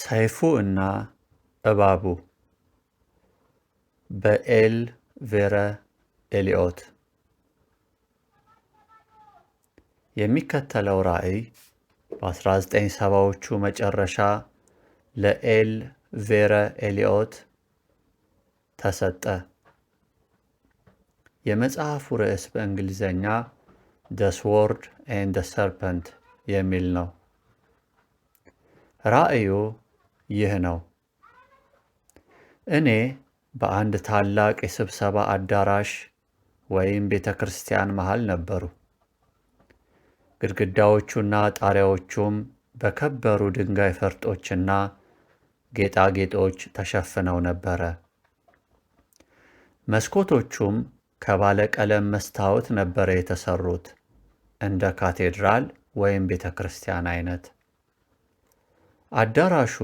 ሰይፉ እና እባቡ በኤል ቬረ ኤሊኦት የሚከተለው ራእይ በ1970ዎቹ መጨረሻ ለኤል ቬረ ኤሊኦት ተሰጠ። የመጽሐፉ ርዕስ በእንግሊዝኛ ደ ስዎርድ ኤንድ ሰርፐንት የሚል ነው። ራእዩ ይህ ነው። እኔ በአንድ ታላቅ የስብሰባ አዳራሽ ወይም ቤተ ክርስቲያን መሃል ነበሩ። ግድግዳዎቹና ጣሪያዎቹም በከበሩ ድንጋይ ፈርጦችና ጌጣጌጦች ተሸፍነው ነበረ። መስኮቶቹም ከባለቀለም መስታወት ነበረ የተሰሩት እንደ ካቴድራል ወይም ቤተ ክርስቲያን አይነት። አዳራሹ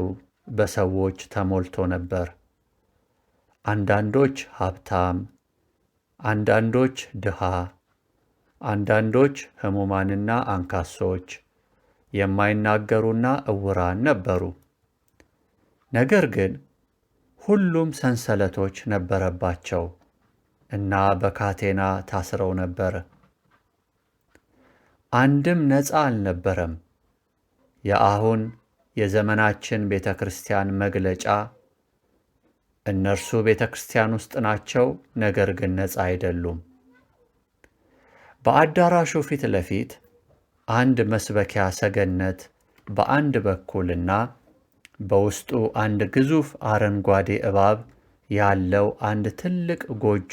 በሰዎች ተሞልቶ ነበር። አንዳንዶች ሀብታም፣ አንዳንዶች ድሃ፣ አንዳንዶች ሕሙማንና አንካሶች፣ የማይናገሩና እውራን ነበሩ። ነገር ግን ሁሉም ሰንሰለቶች ነበረባቸው እና በካቴና ታስረው ነበር። አንድም ነፃ አልነበረም። የአሁን የዘመናችን ቤተ ክርስቲያን መግለጫ እነርሱ ቤተ ክርስቲያን ውስጥ ናቸው፣ ነገር ግን ነፃ አይደሉም። በአዳራሹ ፊት ለፊት አንድ መስበኪያ ሰገነት በአንድ በኩልና በውስጡ አንድ ግዙፍ አረንጓዴ እባብ ያለው አንድ ትልቅ ጎጆ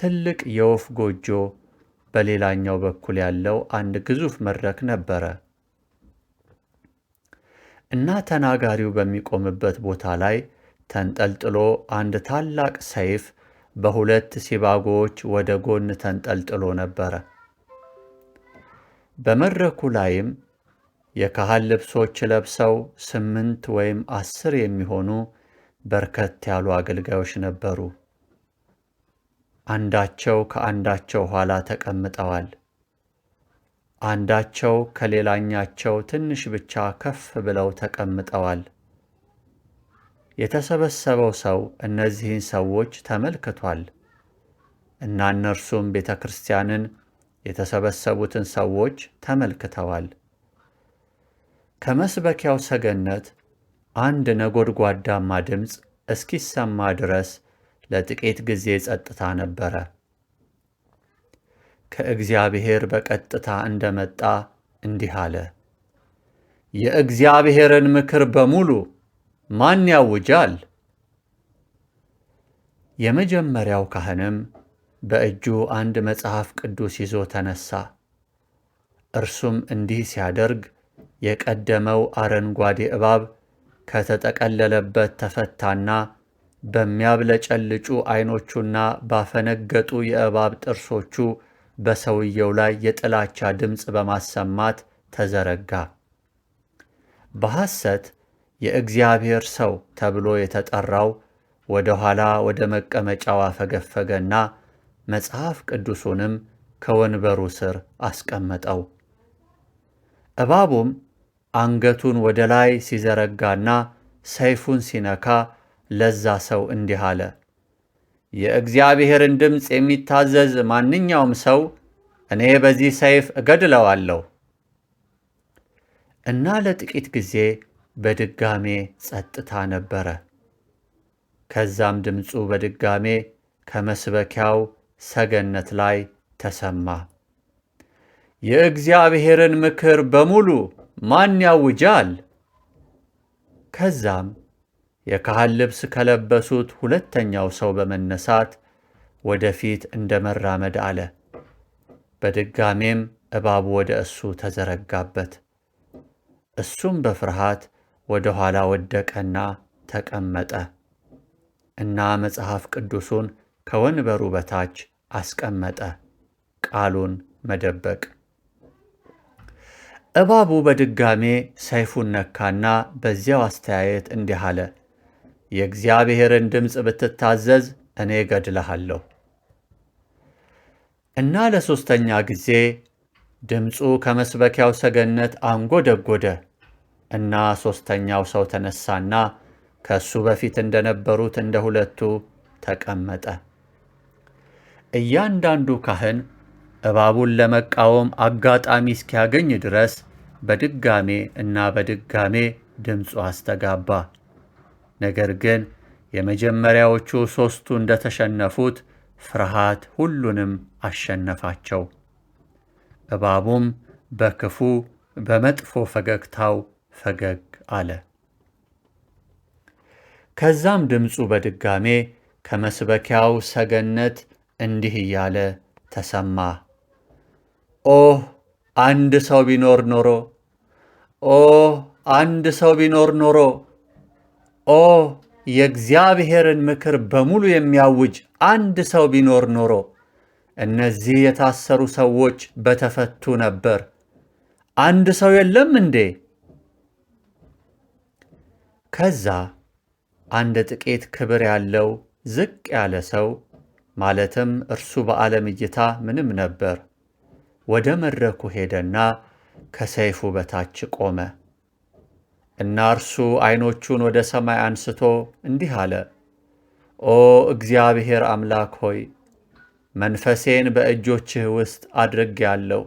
ትልቅ የወፍ ጎጆ በሌላኛው በኩል ያለው አንድ ግዙፍ መድረክ ነበረ። እና ተናጋሪው በሚቆምበት ቦታ ላይ ተንጠልጥሎ አንድ ታላቅ ሰይፍ በሁለት ሲባጎዎች ወደ ጎን ተንጠልጥሎ ነበረ። በመድረኩ ላይም የካህን ልብሶች ለብሰው ስምንት ወይም አስር የሚሆኑ በርከት ያሉ አገልጋዮች ነበሩ። አንዳቸው ከአንዳቸው ኋላ ተቀምጠዋል። አንዳቸው ከሌላኛቸው ትንሽ ብቻ ከፍ ብለው ተቀምጠዋል። የተሰበሰበው ሰው እነዚህን ሰዎች ተመልክቷል እና እነርሱም ቤተ ክርስቲያንን የተሰበሰቡትን ሰዎች ተመልክተዋል። ከመስበኪያው ሰገነት አንድ ነጎድጓዳማ ድምፅ እስኪሰማ ድረስ ለጥቂት ጊዜ ጸጥታ ነበረ። ከእግዚአብሔር በቀጥታ እንደመጣ እንዲህ አለ። የእግዚአብሔርን ምክር በሙሉ ማን ያውጃል? የመጀመሪያው ካህንም በእጁ አንድ መጽሐፍ ቅዱስ ይዞ ተነሳ። እርሱም እንዲህ ሲያደርግ የቀደመው አረንጓዴ እባብ ከተጠቀለለበት ተፈታና በሚያብለጨልጩ ዐይኖቹና ባፈነገጡ የእባብ ጥርሶቹ በሰውየው ላይ የጥላቻ ድምፅ በማሰማት ተዘረጋ። በሐሰት የእግዚአብሔር ሰው ተብሎ የተጠራው ወደ ኋላ ወደ መቀመጫው አፈገፈገና መጽሐፍ ቅዱሱንም ከወንበሩ ስር አስቀመጠው። እባቡም አንገቱን ወደ ላይ ሲዘረጋና ሰይፉን ሲነካ ለዛ ሰው እንዲህ አለ፣ የእግዚአብሔርን ድምፅ የሚታዘዝ ማንኛውም ሰው እኔ በዚህ ሰይፍ እገድለዋለሁ እና ለጥቂት ጊዜ በድጋሜ ጸጥታ ነበረ። ከዛም ድምፁ በድጋሜ ከመስበኪያው ሰገነት ላይ ተሰማ። የእግዚአብሔርን ምክር በሙሉ ማን ያውጃል? ከዛም የካህን ልብስ ከለበሱት ሁለተኛው ሰው በመነሳት ወደፊት እንደ መራመድ አለ። በድጋሜም እባቡ ወደ እሱ ተዘረጋበት። እሱም በፍርሃት ወደ ኋላ ወደቀና ተቀመጠ እና መጽሐፍ ቅዱሱን ከወንበሩ በታች አስቀመጠ። ቃሉን መደበቅ። እባቡ በድጋሜ ሰይፉን ነካና በዚያው አስተያየት እንዲህ አለ። የእግዚአብሔርን ድምፅ ብትታዘዝ እኔ እገድልሃለሁ እና ለሦስተኛ ጊዜ ድምፁ ከመስበኪያው ሰገነት አንጎደጎደ እና ሦስተኛው ሰው ተነሳና ከእሱ በፊት እንደነበሩት እንደ ሁለቱ ተቀመጠ። እያንዳንዱ ካህን እባቡን ለመቃወም አጋጣሚ እስኪያገኝ ድረስ በድጋሜ እና በድጋሜ ድምፁ አስተጋባ። ነገር ግን የመጀመሪያዎቹ ሦስቱ እንደተሸነፉት ፍርሃት ሁሉንም አሸነፋቸው። እባቡም በክፉ በመጥፎ ፈገግታው ፈገግ አለ። ከዛም ድምፁ በድጋሜ ከመስበኪያው ሰገነት እንዲህ እያለ ተሰማ። ኦ አንድ ሰው ቢኖር ኖሮ! ኦ አንድ ሰው ቢኖር ኖሮ! ኦ የእግዚአብሔርን ምክር በሙሉ የሚያውጅ አንድ ሰው ቢኖር ኖሮ እነዚህ የታሰሩ ሰዎች በተፈቱ ነበር። አንድ ሰው የለም እንዴ? ከዛ አንድ ጥቂት ክብር ያለው ዝቅ ያለ ሰው ማለትም እርሱ በዓለም እይታ ምንም ነበር፣ ወደ መድረኩ ሄደና ከሰይፉ በታች ቆመ። እና እርሱ ዐይኖቹን ወደ ሰማይ አንስቶ እንዲህ አለ፣ ኦ እግዚአብሔር አምላክ ሆይ መንፈሴን በእጆችህ ውስጥ አድርጌአለሁ።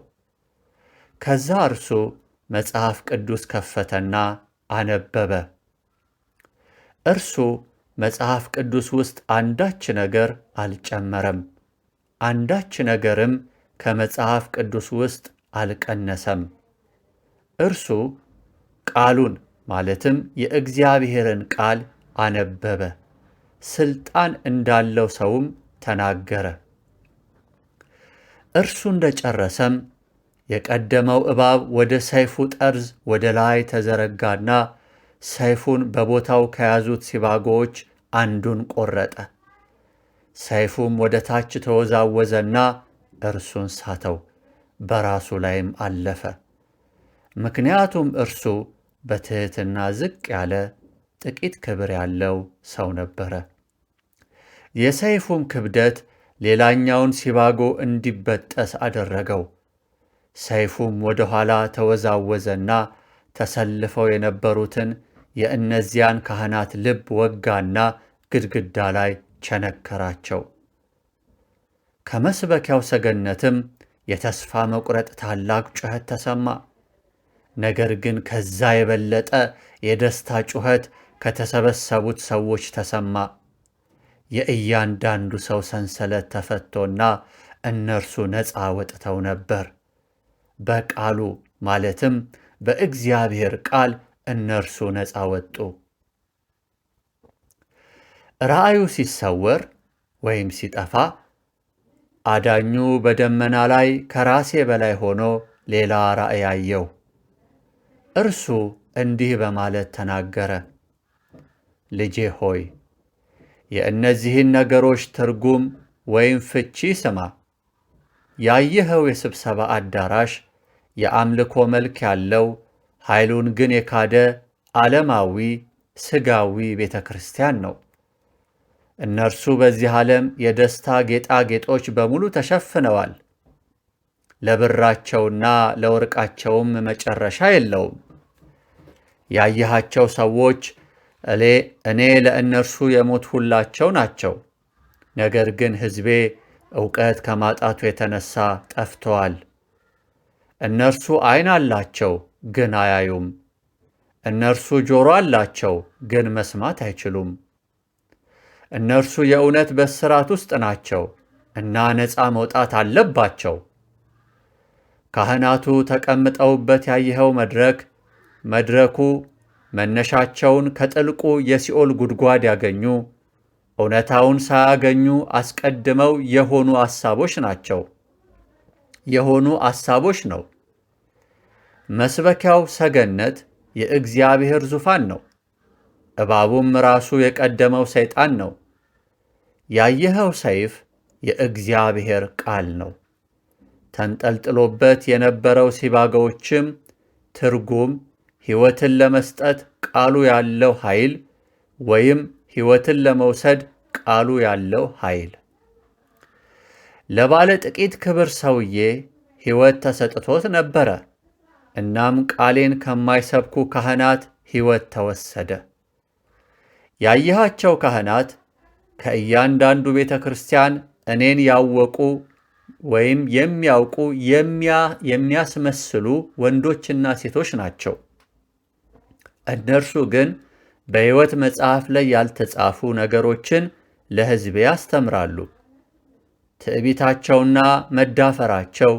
ከዛ እርሱ መጽሐፍ ቅዱስ ከፈተና አነበበ። እርሱ መጽሐፍ ቅዱስ ውስጥ አንዳች ነገር አልጨመረም፣ አንዳች ነገርም ከመጽሐፍ ቅዱስ ውስጥ አልቀነሰም። እርሱ ቃሉን ማለትም የእግዚአብሔርን ቃል አነበበ፣ ስልጣን እንዳለው ሰውም ተናገረ። እርሱ እንደጨረሰም የቀደመው እባብ ወደ ሰይፉ ጠርዝ ወደ ላይ ተዘረጋና ሰይፉን በቦታው ከያዙት ሲባጎዎች አንዱን ቆረጠ። ሰይፉም ወደ ታች ተወዛወዘና እርሱን ሳተው፣ በራሱ ላይም አለፈ። ምክንያቱም እርሱ በትሕትና ዝቅ ያለ ጥቂት ክብር ያለው ሰው ነበረ። የሰይፉም ክብደት ሌላኛውን ሲባጎ እንዲበጠስ አደረገው። ሰይፉም ወደ ኋላ ተወዛወዘና ተሰልፈው የነበሩትን የእነዚያን ካህናት ልብ ወጋና ግድግዳ ላይ ቸነከራቸው። ከመስበኪያው ሰገነትም የተስፋ መቁረጥ ታላቅ ጩኸት ተሰማ። ነገር ግን ከዛ የበለጠ የደስታ ጩኸት ከተሰበሰቡት ሰዎች ተሰማ። የእያንዳንዱ ሰው ሰንሰለት ተፈቶና እነርሱ ነፃ ወጥተው ነበር። በቃሉ ማለትም በእግዚአብሔር ቃል እነርሱ ነፃ ወጡ። ራእዩ ሲሰወር ወይም ሲጠፋ አዳኙ በደመና ላይ ከራሴ በላይ ሆኖ ሌላ ራእይ አየው። እርሱ እንዲህ በማለት ተናገረ። ልጄ ሆይ የእነዚህን ነገሮች ትርጉም ወይም ፍቺ ስማ። ያየኸው የስብሰባ አዳራሽ የአምልኮ መልክ ያለው ኃይሉን ግን የካደ ዓለማዊ ሥጋዊ ቤተ ክርስቲያን ነው። እነርሱ በዚህ ዓለም የደስታ ጌጣጌጦች በሙሉ ተሸፍነዋል። ለብራቸውና ለወርቃቸውም መጨረሻ የለውም። ያየሃቸው ሰዎች እኔ ለእነርሱ የሞትሁላቸው ናቸው። ነገር ግን ሕዝቤ እውቀት ከማጣቱ የተነሳ ጠፍተዋል። እነርሱ አይን አላቸው ግን አያዩም፣ እነርሱ ጆሮ አላቸው ግን መስማት አይችሉም። እነርሱ የእውነት በስራት ውስጥ ናቸው እና ነፃ መውጣት አለባቸው። ካህናቱ ተቀምጠውበት ያየኸው መድረክ መድረኩ መነሻቸውን ከጥልቁ የሲኦል ጉድጓድ ያገኙ እውነታውን ሳያገኙ አስቀድመው የሆኑ አሳቦች ናቸው የሆኑ አሳቦች ነው። መስበኪያው ሰገነት የእግዚአብሔር ዙፋን ነው። እባቡም ራሱ የቀደመው ሰይጣን ነው። ያየኸው ሰይፍ የእግዚአብሔር ቃል ነው። ተንጠልጥሎበት የነበረው ሲባጋዎችም ትርጉም ሕይወትን ለመስጠት ቃሉ ያለው ኃይል ወይም ሕይወትን ለመውሰድ ቃሉ ያለው ኃይል። ለባለ ጥቂት ክብር ሰውዬ ሕይወት ተሰጥቶት ነበረ። እናም ቃሌን ከማይሰብኩ ካህናት ሕይወት ተወሰደ። ያየሃቸው ካህናት ከእያንዳንዱ ቤተ ክርስቲያን እኔን ያወቁ ወይም የሚያውቁ የሚያስመስሉ ወንዶችና ሴቶች ናቸው። እነርሱ ግን በሕይወት መጽሐፍ ላይ ያልተጻፉ ነገሮችን ለሕዝቤ ያስተምራሉ። ትዕቢታቸውና መዳፈራቸው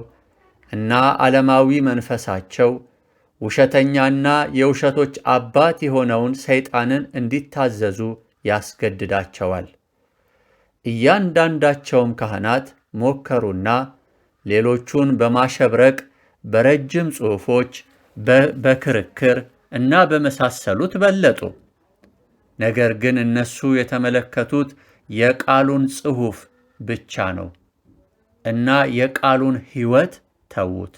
እና ዓለማዊ መንፈሳቸው ውሸተኛና የውሸቶች አባት የሆነውን ሰይጣንን እንዲታዘዙ ያስገድዳቸዋል። እያንዳንዳቸውም ካህናት ሞከሩና ሌሎቹን በማሸብረቅ በረጅም ጽሑፎች፣ በክርክር እና በመሳሰሉት በለጡ። ነገር ግን እነሱ የተመለከቱት የቃሉን ጽሑፍ ብቻ ነው እና የቃሉን ሕይወት ተዉት።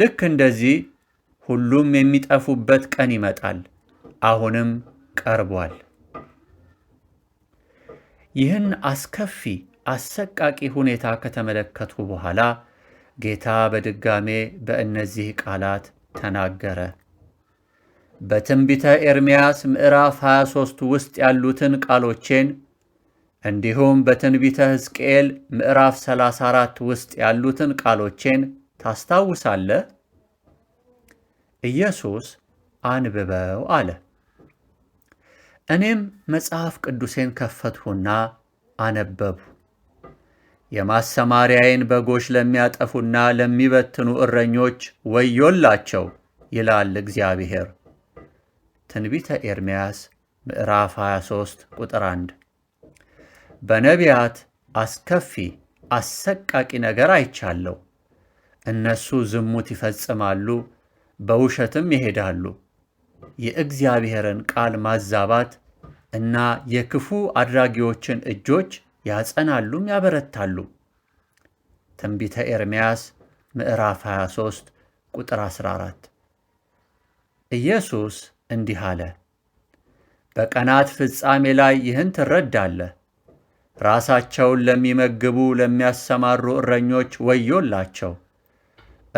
ልክ እንደዚህ ሁሉም የሚጠፉበት ቀን ይመጣል፣ አሁንም ቀርቧል። ይህን አስከፊ አሰቃቂ ሁኔታ ከተመለከቱ በኋላ ጌታ በድጋሜ በእነዚህ ቃላት ተናገረ። በትንቢተ ኤርምያስ ምዕራፍ 23 ውስጥ ያሉትን ቃሎቼን እንዲሁም በትንቢተ ሕዝቅኤል ምዕራፍ 34 ውስጥ ያሉትን ቃሎቼን ታስታውሳለህ? ኢየሱስ አንብበው አለ። እኔም መጽሐፍ ቅዱሴን ከፈትሁና አነበብሁ። የማሰማሪያዬን በጎች ለሚያጠፉና ለሚበትኑ እረኞች ወዮላቸው ይላል እግዚአብሔር። ትንቢተ ኤርምያስ ምዕራፍ 23 ቁጥር 1። በነቢያት አስከፊ አሰቃቂ ነገር አይቻለሁ። እነሱ ዝሙት ይፈጽማሉ፣ በውሸትም ይሄዳሉ። የእግዚአብሔርን ቃል ማዛባት እና የክፉ አድራጊዎችን እጆች ያጸናሉም ያበረታሉ። ትንቢተ ኤርምያስ ምዕራፍ 23 ቁጥር 14። ኢየሱስ እንዲህ አለ፣ በቀናት ፍጻሜ ላይ ይህን ትረዳለህ። ራሳቸውን ለሚመግቡ ለሚያሰማሩ እረኞች ወዮላቸው።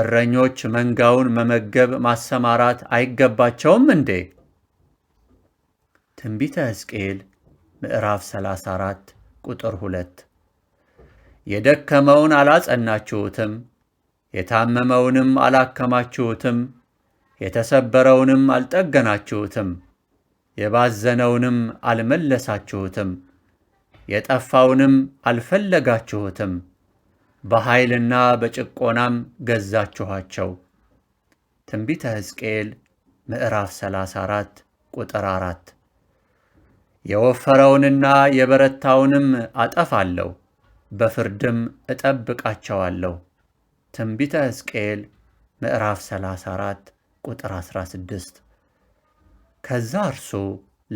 እረኞች መንጋውን መመገብ ማሰማራት አይገባቸውም እንዴ? ትንቢተ ሕዝቅኤል ምዕራፍ 34 ቁጥር ሁለት የደከመውን አላጸናችሁትም፣ የታመመውንም አላከማችሁትም፣ የተሰበረውንም አልጠገናችሁትም፣ የባዘነውንም አልመለሳችሁትም፣ የጠፋውንም አልፈለጋችሁትም። በኃይልና በጭቆናም ገዛችኋቸው። ትንቢተ ሕዝቅኤል ምዕራፍ 34 ቁጥር 4 የወፈረውንና የበረታውንም አጠፋለሁ፣ በፍርድም እጠብቃቸዋለሁ። ትንቢተ ሕዝቅኤል ምዕራፍ 34 ቁጥር 16። ከዛ እርሱ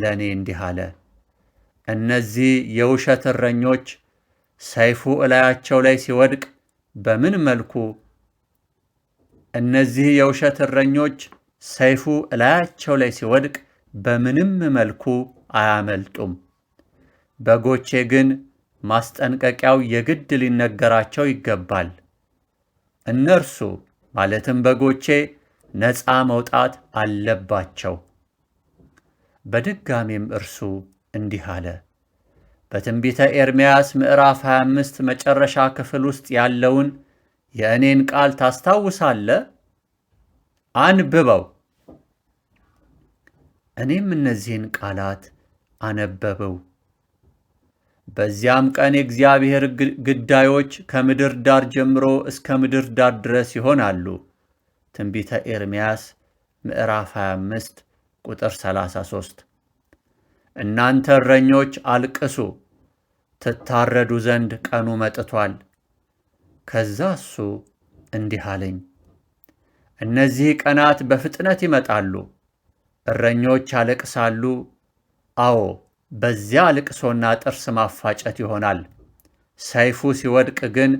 ለእኔ እንዲህ አለ፣ እነዚህ የውሸት እረኞች ሰይፉ እላያቸው ላይ ሲወድቅ በምን መልኩ እነዚህ የውሸት እረኞች ሰይፉ እላያቸው ላይ ሲወድቅ በምንም መልኩ አያመልጡም። በጎቼ ግን ማስጠንቀቂያው የግድ ሊነገራቸው ይገባል። እነርሱ ማለትም በጎቼ ነፃ መውጣት አለባቸው። በድጋሜም እርሱ እንዲህ አለ። በትንቢተ ኤርምያስ ምዕራፍ 25 መጨረሻ ክፍል ውስጥ ያለውን የእኔን ቃል ታስታውሳለ? አንብበው። እኔም እነዚህን ቃላት አነበበው። በዚያም ቀን የእግዚአብሔር ግዳዮች ከምድር ዳር ጀምሮ እስከ ምድር ዳር ድረስ ይሆናሉ። ትንቢተ ኤርምያስ ምዕራፍ 25 ቁጥር 33። እናንተ እረኞች አልቅሱ፣ ትታረዱ ዘንድ ቀኑ መጥቷል። ከዛ እሱ እንዲህ አለኝ፣ እነዚህ ቀናት በፍጥነት ይመጣሉ፣ እረኞች ያለቅሳሉ አዎ በዚያ ልቅሶና ጥርስ ማፋጨት ይሆናል። ሰይፉ ሲወድቅ ግን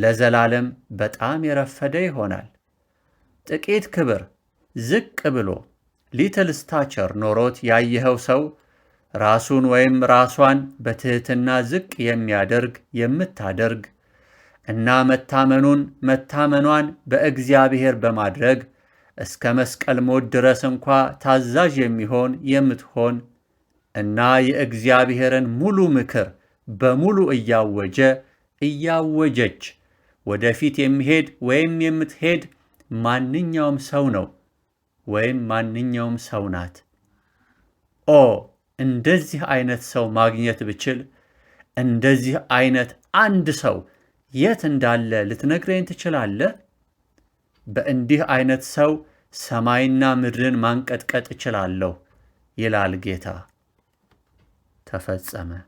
ለዘላለም በጣም የረፈደ ይሆናል። ጥቂት ክብር ዝቅ ብሎ ሊትል ስታቸር ኖሮት ያየኸው ሰው ራሱን ወይም ራሷን በትሕትና ዝቅ የሚያደርግ የምታደርግ እና መታመኑን መታመኗን በእግዚአብሔር በማድረግ እስከ መስቀል ሞት ድረስ እንኳ ታዛዥ የሚሆን የምትሆን እና የእግዚአብሔርን ሙሉ ምክር በሙሉ እያወጀ እያወጀች ወደፊት የሚሄድ ወይም የምትሄድ ማንኛውም ሰው ነው ወይም ማንኛውም ሰው ናት። ኦ እንደዚህ አይነት ሰው ማግኘት ብችል፣ እንደዚህ አይነት አንድ ሰው የት እንዳለ ልትነግረኝ ትችላለህ? በእንዲህ አይነት ሰው ሰማይና ምድርን ማንቀጥቀጥ እችላለሁ ይላል ጌታ። ተፈጸመ።